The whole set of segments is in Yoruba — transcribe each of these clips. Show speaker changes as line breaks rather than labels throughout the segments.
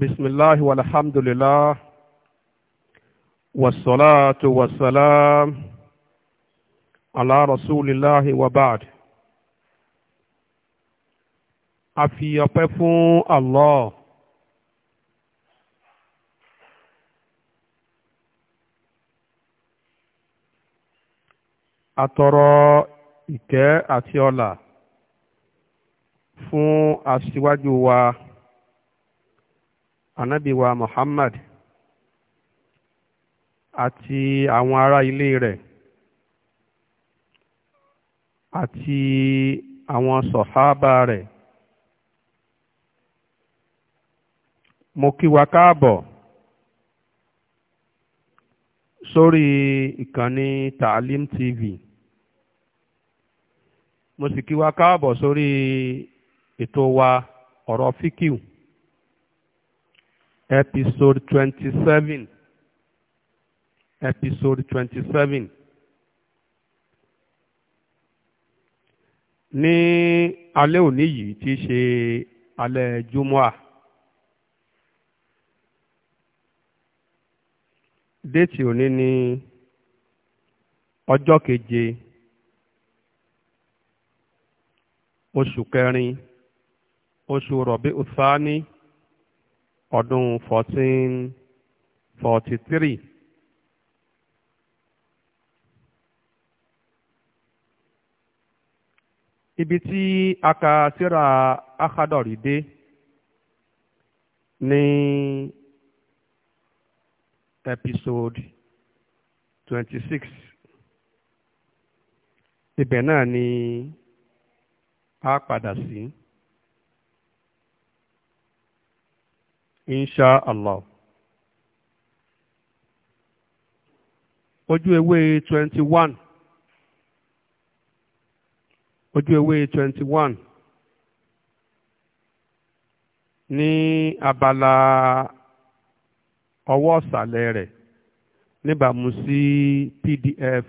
بسم الله والحمد لله والصلاة والسلام على رسول الله وبعد أفي fi ọpẹ́ fún Allah atọrọ ìkẹ́ àti ọlà fún aṣíwájú wa ànábì wa Muhammad àti àwọn ará ilé rẹ̀ àti àwọn sọ̀hábà rẹ̀ mo kí káàbọ̀ sórí ìkànnì Taalim TV mo sì kí wa káàbọ̀ sórí ètò wa ọ̀rọ̀ fíkìú episode twenty seven episode twenty seven ní alẹ́ òní yìí tí í ṣe alẹ́ júmọ́à déètì òní ní ọjọ́ keje oṣù kẹrin oṣù rọ̀bí ọ̀sánì ọdún 1443 ibi tí a kà síra akadọ̀rí dé ní episode 26 ibẹ̀ náà ni a padà sí. Si. insha allah ojú ewé twenty one ojú ewé twenty one ní abala ọwọ́ ọ̀sàlẹ̀ rẹ̀ níbàámu sí pdf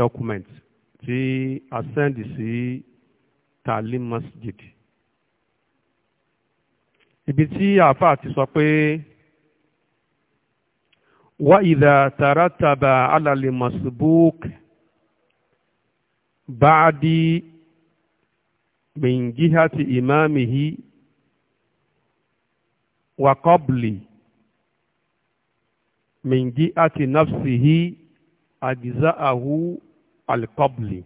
document tí a sẹ́ndì sí talim masjid ibi tí àáfàá ti sọ pé wa idha tarataba ala al-masbuk ba'di min jihati imamihi wa qabli min jihati nafsihi ajza'ahu al-qabli.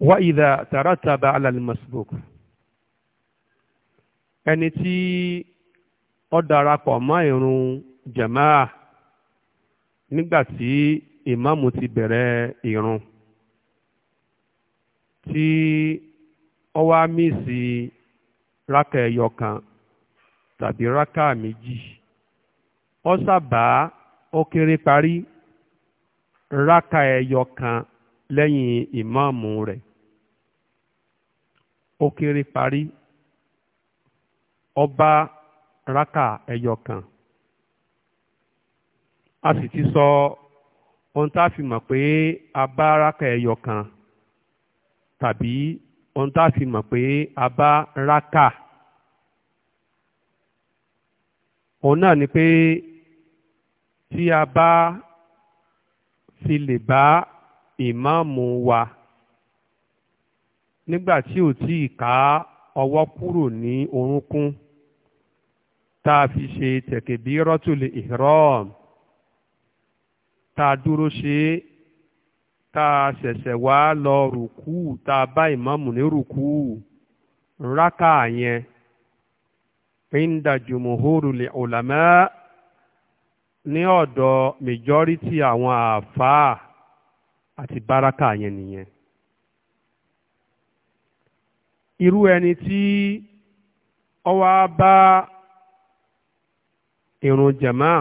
وإذا ترتب على المسبوق ẹni tí ó darapọ̀ mọ́ ìrun jamaa nígbàtí tí ìmáàmù ti bẹ̀rẹ̀ ìrun tí ọ wá mísì rákà ẹyọ kan tàbí rákà méjì ó sábà ó kéré parí rákà ẹyọkan lẹ́yìn ìmáàmù rẹ̀ ó kéré parí ọba rákà ẹyọ kan a sì ti sọ ohun tá a fi mọ̀ pé a bá rákà ẹyọ kan tàbí ohun tá a fi mọ̀ pé a bá rákà òun náà ni pé tí a bá fi lè bá ìmáàmù wa nígbà tí ò tí ì ká ọwọ́ kúrò ní orúnkún tá a fi ṣe tẹ̀kẹ̀bírọ́tul ihram tá a dúró ṣe é tá a ṣẹ̀ṣẹ̀ wá lọ rùkú tá a bá ìmáàmù ní rùkú rákà yẹn inda jumhurul ulama ní ọ̀dọ̀ majority àwọn àfáà àti báràkà yẹn nìyẹn irú ẹni tí ó wá bá ìrun jàmá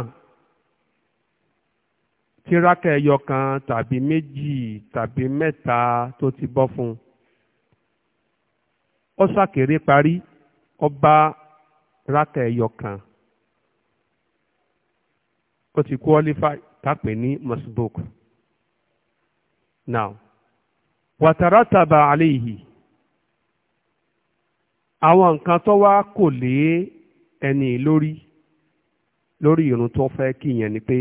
tíráka ẹyọ kan tàbí méjì tàbí mẹ́ta tó ti bọ́ fún un ó parí ó bá ráka ẹyọ kan ó ti qualify ká pè ní masbuk. now wàtàràtàbà àléhì àwọn nǹkan tó wá kò lé ẹni lórí lórí irun tó fẹ́ kíyàn ni pé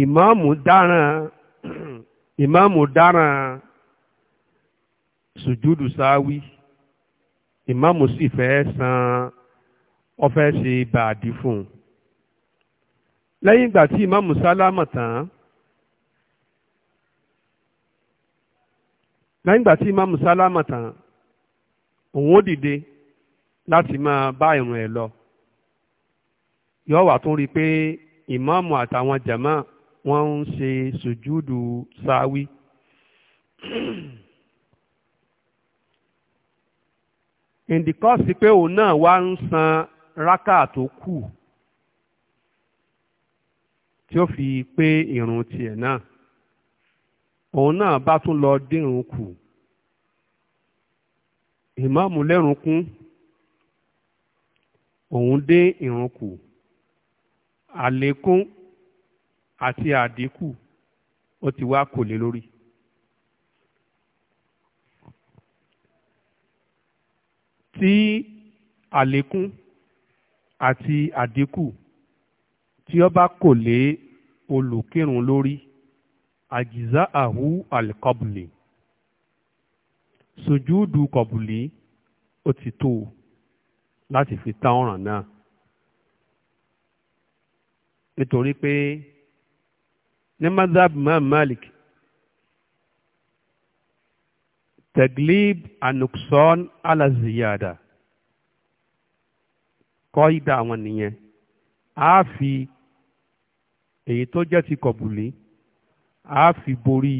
ìmáàmù dáràn ìmáàmù dáràn sùjúdù sáwí ìmáàmù sì fẹ́ san ó fẹ́ ṣe bàdí fún un lẹ́yìn ìgbà tí ìmáàmù sálámà tán lẹ́yìn ìgbà tí imam sálámà tán òun ó dìde láti máa bá ìrun ẹ̀ lọ yóò wá tún rí i pé ìmáàmù àtàwọn jàmá wọ́n ń ṣe sùjúdù sáwí. ìdíkọ́sí pé òun náà wá ń san rákà tó kù tí ó fi pé ìrun tiẹ̀ náà òun náà bá tún lọ dírun kù ìmáàmù lẹ́rùn kún òun dé ìrun kù àlékún àti àdínkù ó ti wá kò lé lórí. tí àlékún àti àdínkù tí ó bá kò lé olùkírun lórí àjìzá àhú àlìkọ́bùlì sojúdù kọ̀bùlì ó ti tó láti fi tán ọ̀ràn náà nítorí pé ní mazhab Imam Malik taglib anukson alaziyada kọ́ ìdá àwọn nìyẹn a fi èyí tó jẹ́ ti kọ̀bùlì a fi borí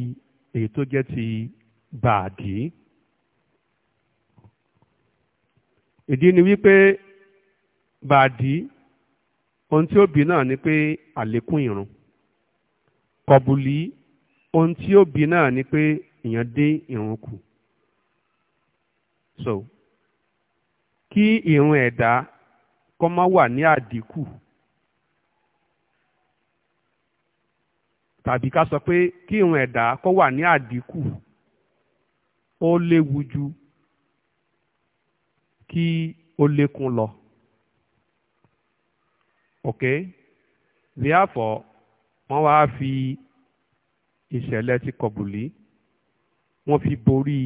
èyí tó jẹ́ ti bàdí. ìdí ni wípé bàdí ohun tí ó bí náà ni pé àlékún ìrun kọbùlì ohun tí ó bí náà ni pé èèyàn dín ìrun kù so kí ìrun ẹ̀dá kọ́ má wà ní àdínkù tàbí ká sọ pé kí irun ẹ̀dá kó wà ní àdínkù ó léwu ju kí ó lékún lọ. Okay? therefore wọ́n wá fi ìṣẹ̀lẹ̀ ti kọ̀bùlí wọ́n fi borí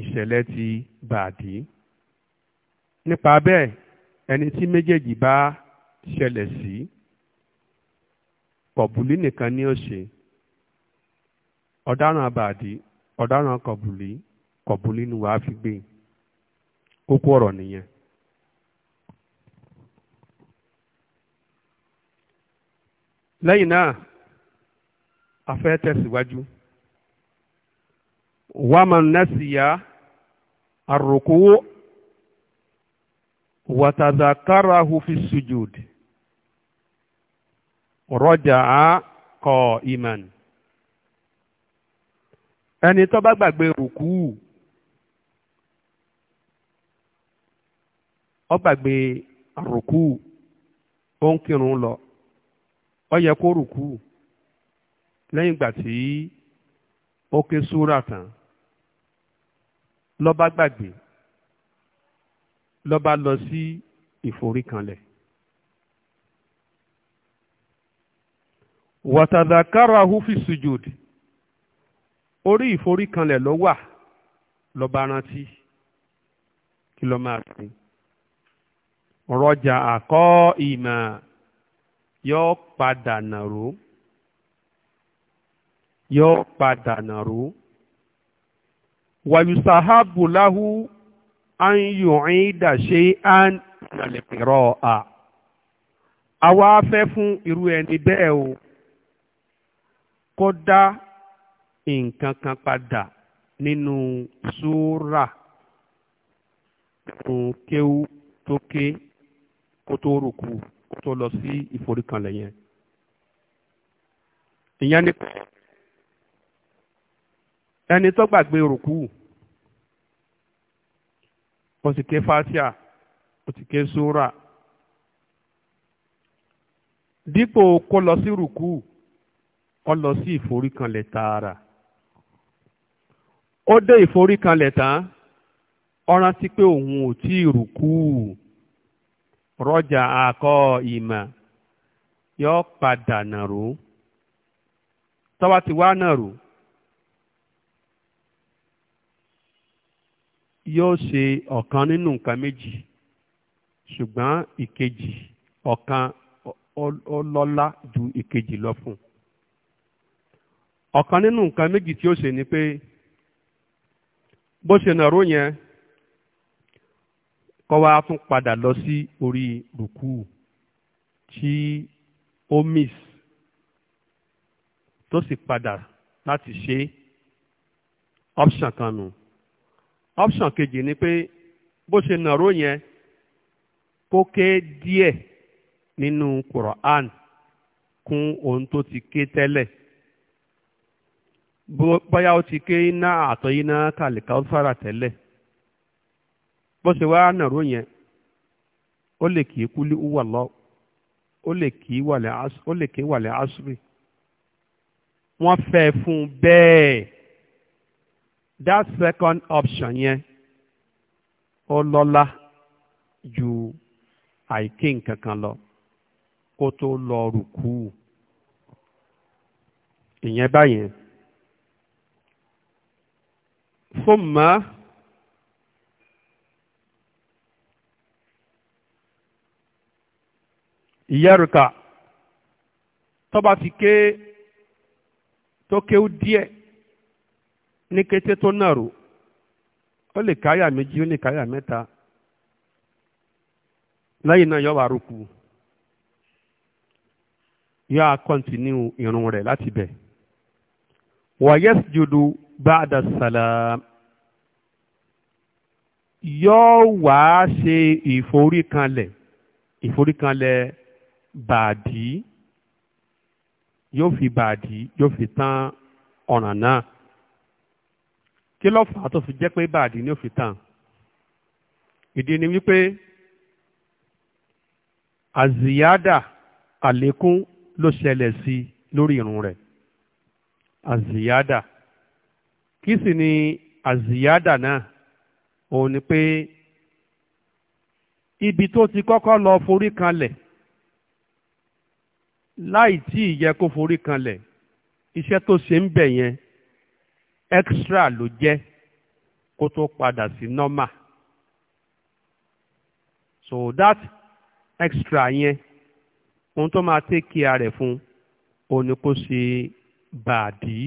ìṣẹ̀lẹ̀ ti bàdí. nípa bẹ́ẹ̀ ẹni tí méjèèjì bá ṣẹlẹ̀ sí. Si, kọ̀bùlí nìkan ni ó ṣe ọ̀daràn àbàdí ọ̀daràn kọ̀bùlí kọ̀bùlí ni wàá fi gbé kókó ọ̀rọ̀ nìyẹn. lẹ́yìn náà a fẹ́ tẹ̀síwájú wàmà nẹ́sìyà àròkówó wàtàzàkárà hufi sujud rọ́jà kọ iman ẹni tó bá gbàgbé rùkú ó gbàgbé rùkú ó ń kírun lọ ó yẹ kó rùkú lẹ́yìn ìgbà tí ó ké súrà tán ló gbàgbé ló lọ sí ìforíkanlẹ̀ wàtàdàkáràhù fi sujud orí ìforíkanlẹ̀ ló wà lọ́ba rántí kí ló máa sìn rọjà àkọ́ ìmọ̀ yóò padà nàró yóò padà nàró wàyùsàhábù láhù an yùnrín dàṣe an nàlẹ̀kẹ̀rọ̀ à àwa fẹ́ fún irú ẹni bẹ́ẹ̀ o kó dá nǹkan kan padà nínú súrà kéwú tó ké kó tó rùkù kó tó lọ sí ìforíkanlẹ̀ yẹn. ìyẹn ni ẹni tó gbàgbé rùkù ó sì ké fatia ó sì ké súrà dípò kó lọ sí rùkù ó lọ sí ìforíkanlẹ̀ tààrà ó dé ìforíkanlẹ̀ tán ó rántí pé òun ò tí ì rùkú rọ́jà akọ ìmọ̀ yọ padà nàró tọ́wá ti wá nàró yóò ṣe ọ̀kan nínú nǹkan méjì ṣùgbọ́n ìkejì ọ̀kan ọlọ́lá ju ìkejì lọ fún un ọ̀kan nínú nǹkan méjì tí ó ṣe ni pé bó ṣe nàró yẹn kọ́ wa tún padà lọ sí orí rùkú tí ó miss tó sì padà láti ṣe option kan nù option kejì ni pé bó ṣe nàró yẹn kó ké díẹ̀ nínú Quran kún ohun tó ti ké tẹ́lẹ̀. bóyá ó ti ké iná àtọ̀ iná kàlìkà ó fara tẹ́lẹ̀ bó ṣe wá nàró yẹn ó lè kí í kúlí wà lọ ó lè kí í asúrì wọ́n fẹ́ fún bẹ́ẹ̀ that second option yẹn ó lọ́lá ju àìkí nkankan lọ kó tó lọ rùkú ìyẹn báyẹn. ثم ìyárùkà tọ́ba ti ké tó kéwú díẹ̀ ní kété tó nàró ó lè káyà méjì ó lè káyà mẹ́ta lẹ́yìn náà yọ wà rúkú yọ yóò wá ṣe ìforíkanlẹ̀ ìforíkanlẹ̀ bàdí yóò fi bàdí yóò fi tán ọ̀ràn náà kí ló fà á tó fi jẹ́ pé bàdí ni ó fi tán ìdí ni wípé àzìyádà àlékún ló ṣẹlẹ̀ sí lórí irun rẹ̀ àzìyádà kí sì ni àzìyádà náà òun ni pé ibi tó ti kọ́kọ́ lọ forí kanlẹ̀ láì tí ì yẹ kó forí kanlẹ̀ iṣẹ́ tó ṣe ń bẹ̀ yẹn extra ló jẹ́ kó tó padà sí normal so that extra yẹn ohun tó máa take care rẹ̀ fún òun ni kó ṣe bàdí.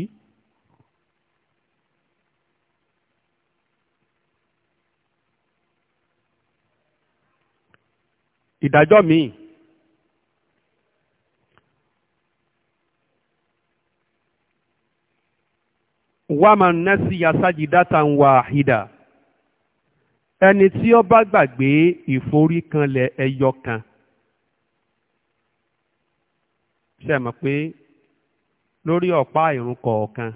ìdájọ́ míì wàmán nẹ́sì yasájì dátà ń wà àhídà ẹni tí ó bá gbàgbé ìforíkanlẹ̀ ẹyọ kan ṣe mọ̀ pé lórí ọ̀pá ìrun kọ̀ọ̀kan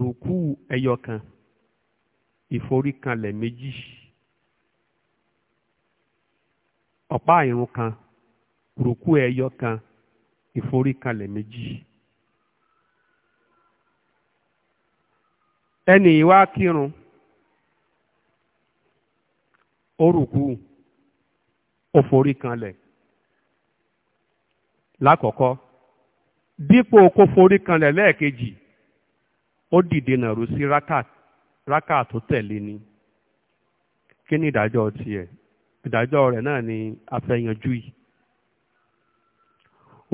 rùkú ẹyọ kan ìforíkanlẹ̀ méjì. ọ̀pá ìrun kan rùkú ẹyọ kan ìforíkanlẹ̀ méjì. ẹnì ìwá kírun ó rùkú ó foríkanlẹ̀ lákọ̀ọ́kọ́ dípò kó foríkanlẹ̀ lẹ́ẹ̀kejì ó dìde nàró sí rákà tó tẹ̀lé ni kí ni ìdájọ́ tiẹ̀. ìdájọ́ rẹ̀ náà ni àfẹ́yànjú yìí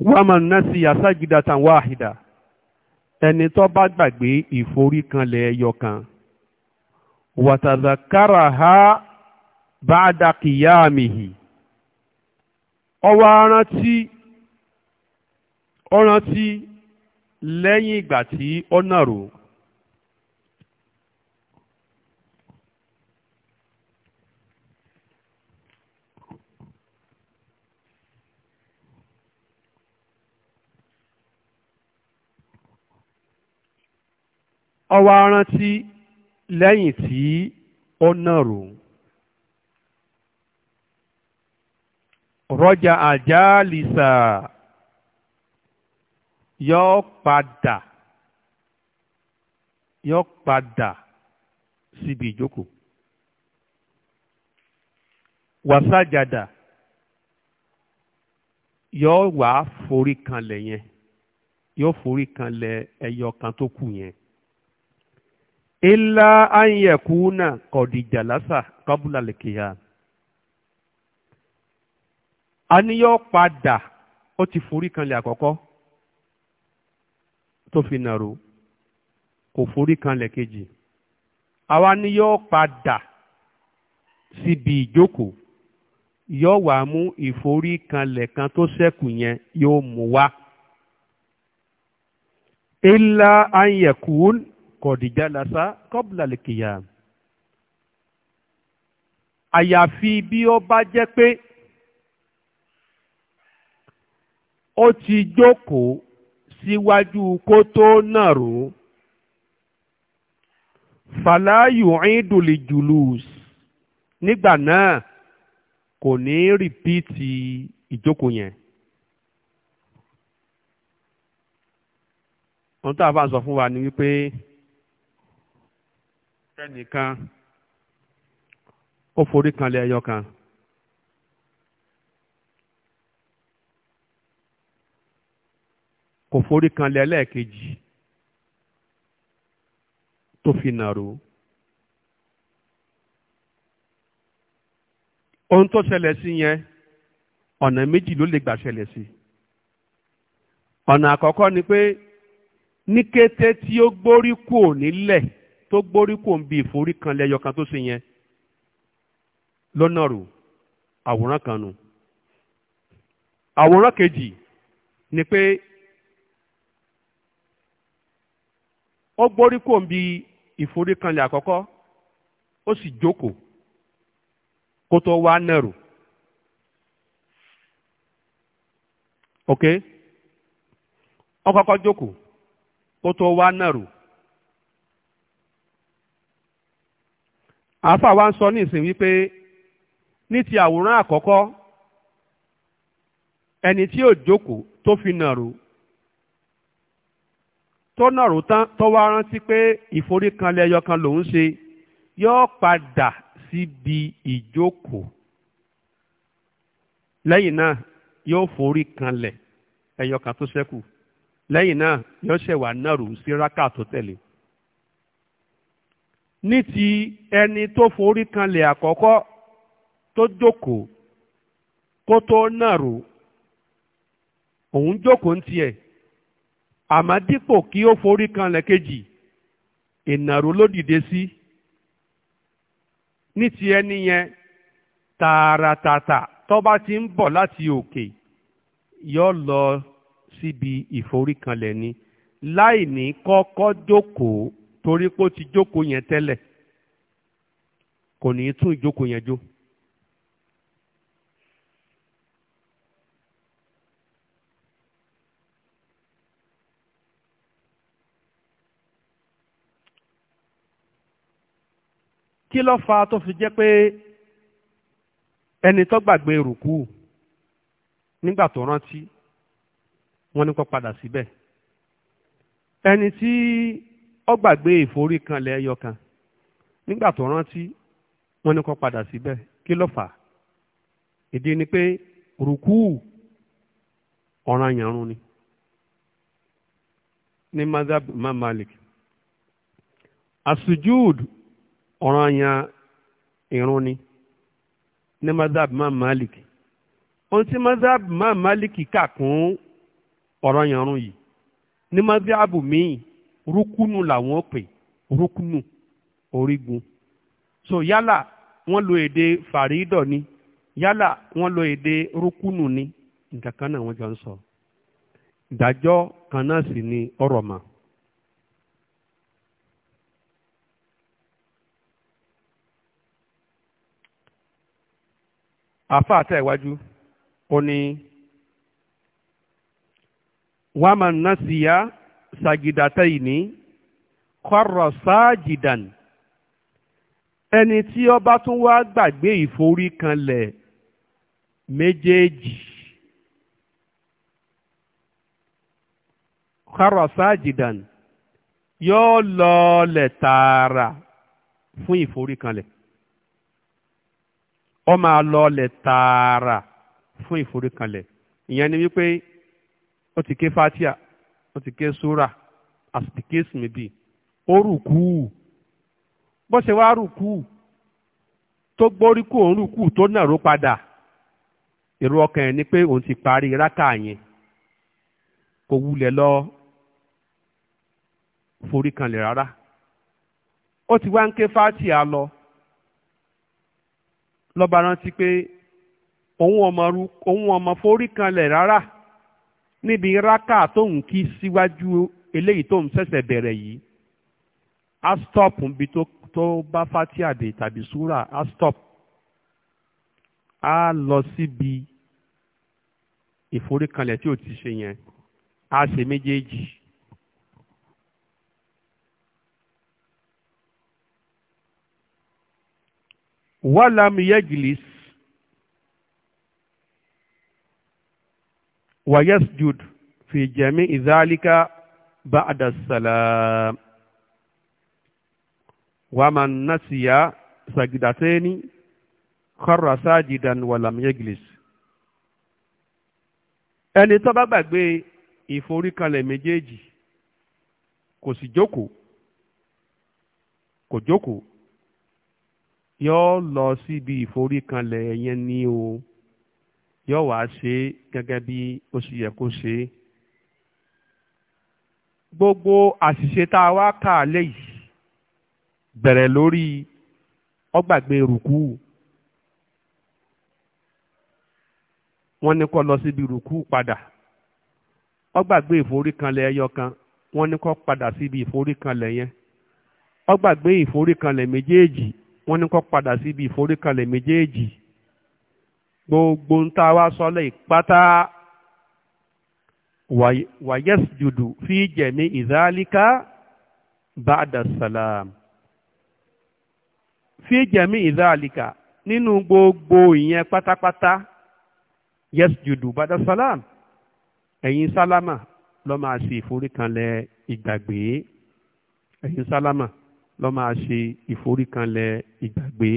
wàmán nasi àságídàtàn wáhìdà ẹni tó bá gbàgbé ìforíkanlẹ̀ ẹyọkan wàtàzàkárà ha ya qiyamihi ọwọ́ arántí ọrántí lẹ́yìn ìgbà tí ó nàró ọwọ́ arántí lẹ́yìn tí ó nàró rọ́jà àjálìsà yọ padà yọ padà síbi ìjókòó wàsájàdà yọ wàá forí kanlẹ̀ yẹn yóò forí kanlẹ̀ ẹyọ kan tó kù yẹn ilá ayẹ̀kúnà kọ̀dìjà lásà kọ́bùlà lèkìyà àníyàn padà ó ti forí kanlẹ̀ àkọ́kọ́ tó fi nàró kò forí kanlẹ̀ kejì àwa ni yóò padà síbi ìjókòó yóò wá mú ìforí kanlẹ̀ kan tó ṣẹ́kù yẹn yóò mú wá. ilá ayẹ̀kúnà kọ̀dìjà lásà kọ́bùlà lè kìyà. àyàfi bí ó bá jẹ́ pé ó ti jókòó síwájú kó tó nàró fàlàyù ìdùlì jùlùs nígbà náà kò ní rìpíìtì ìjókòó yẹn. ohun tá a sọ fún wa ni wípé ẹnìkan ó forí kanlẹ̀ ẹyọ kan. kò forí kanlẹ̀ lẹ́ẹ̀kejì tó fi nàró. ohun tó ṣẹlẹ̀ sí yẹn ọ̀nà méjì ló lè gbà ṣẹlẹ̀ sí. ọ̀nà àkọ́kọ́ ni pé ní kété tí ó gbórí kù nílẹ̀. tó gbórí kò ń bi ìforí kan lẹ́yọ kan tó ṣe yẹn lọ́nà rò àwòrán kan nu àwòrán kejì ni pé ó gbórí kò ń bi ìforí kan lẹ́ àkọ́kọ́ ó sì jókòó kó tó wá nẹ̀rù ok ó jókòó kó tó wá àáfà wa ń sọ ní ìsìn wípé ní ti àwòrán àkọ́kọ́ ẹni tí ò jókòó tó fi nàró tó nàró tán tó wá rántí pé ìforíkanlẹ̀ ẹyọkan lòún ṣe yóò padà síbi ìjókòó lẹ́yìn náà yóò forí kanlẹ̀ ẹyọkan tó ṣẹ́kù lẹ́yìn náà yóò ṣẹ̀wà nàró sí rákà tó tẹ̀lé ní ti ẹni tó forí kanlẹ̀ àkọ́kọ́ tó jókòó kó tó nàró òun jókòó ń tiẹ̀ àmọ́ dípò kí ó forí kanlẹ̀ kejì ìnàró ló dìde sí ní ti ẹni yẹn tààràtàtà tó bá ti ń bọ̀ láti òkè yọ lọ síbi ìforíkanlẹ̀ ni láì ní kọ́kọ́ jókòó torí pé ó ti jókòó yẹn tẹ́lẹ̀ kò ní í tún ìjókòó yẹn jó. kí ló fà tó fi jẹ́ pé ẹni tó gbàgbé rùkú nígbà tó rántí wọ́n ní kó padà síbẹ̀ ẹni tí ó gbàgbé ìforíkanlẹ̀ ẹyọ kan nígbà tó rántí wọ́n ní kó padà síbẹ̀ kí ló fà á ìdí ni pé rùkú ọ̀ràn yàrún ni ní mazhab Imam Malik asujud ọ̀ràn yàn irun ni ní mazhab Imam Malik ohun tí mazhab Imam Malik kà kún ọ̀ràn yàrún yìí ní mazhab míì rukunu làwọn ó pè rukunu orígun so yálà wọ́n lo èdè fàrídọ̀ ni yálà wọ́n lo èdè rukunu ni nǹkan kan náà wọ́n jọ ń sọ ìdájọ́ kan náà sì ni ọrọ mà. àfa àtẹ̀wájú iwaju ní wa ma nasiya ya. sagidataini kọ́rọ̀ sáàjìdàn ẹni tí ó bá tún wá gbàgbé ìforíkanlẹ̀ méjèèjì kọ́rọ̀ sáàjìdàn yóò lọọlẹ̀ tààrà fún ìforíkanlẹ̀ ó máa lọọlẹ̀ tààrà fún ìforíkanlẹ̀ ìyẹn ni wípé ó ti ké fatia wọ́n ti ké sóra as the case may be ó rùkú bó ṣe wá rùkú tó gbórí kó òun rùkú tó nàró padà èrò ọkàn ẹ̀ ni pé òun ti parí rákà yẹn kò wulẹ̀ lọ forí kanlẹ̀ rárá ó ti wá ń ké fátíà lọ lọ́ba rántí pé òun ọmọ forí kanlẹ̀ rárá níbi rákà tóun kí síwájú eléyìí tóun ṣẹ̀ṣẹ̀ bẹ̀rẹ̀ yìí á stop níbi tó tó bá fatia dé tàbí súrà á stop á lọ síbi ìforíkanlẹ̀ tí ò ti ṣe yẹn á ṣe méjèèjì. wàlámù yẹ́gìlì wayasjud fi jami'i dhalika ba'da as-salam wa man nasiya sajdatayni kharra sajidan wa lam yajlis ẹni tó bá gbàgbé ìforíkalẹ̀ méjèèjì kò sì jókòó kò jókòó yóò lọ síbi ìforíkalẹ̀ yẹn ní o. yóò wá ṣe gẹ́gẹ́ bí ó ṣe yẹ kó ṣe gbogbo àṣìṣe tá a wá kà á léyìí bẹ̀rẹ̀ lórí ọgbàgbé rùkú wọ́n ní kó lọ síbi rùkú padà ọgbàgbé ìforíkanlẹ̀ ẹyọ kan wọ́n ní kó padà síbi ìforíkanlẹ̀ yẹn ọgbàgbé ìforíkanlẹ̀ méjèèjì wọ́n ní kó padà síbi ìforíkanlẹ̀ méjèèjì gbogbo ń ta wá sọ́lẹ̀ ìpátá wàyẹ́sìdùdù fi jẹ̀mí ìdálíkà ba'da salam fi jẹ̀mí ìdálíkà nínú gbogbo ìyẹn pátápátá yẹ́sìdùdù ba'da salam ẹ̀yin sálámà ló máa ṣe ìforíkanlẹ̀ ìgbàgbé ẹ̀yin sálámà ló máa ṣe ìforíkanlẹ̀ ìgbàgbé.